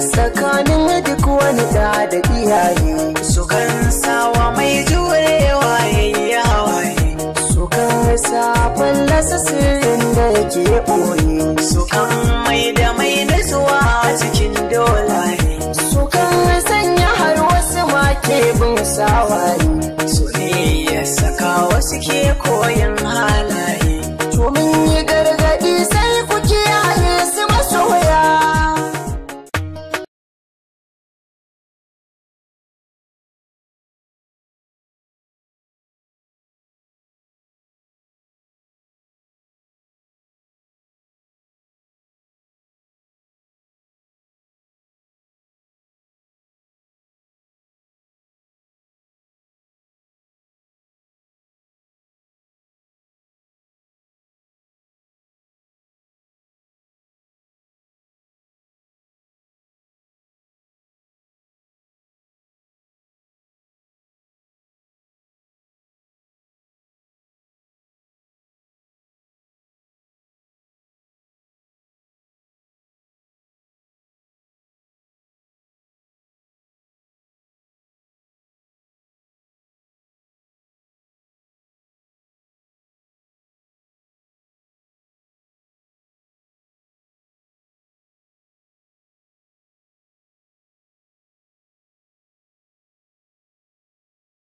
tsakanin duk wani da da iyaye sukan sawa mai jurewa yayi hawaye sukan sa fallasa sirrin da yake boye sukan mai da mai nutsuwa cikin dolaye sukan sanya har wasu ma ke bin sawaye ya saka wasu ke koyan halaye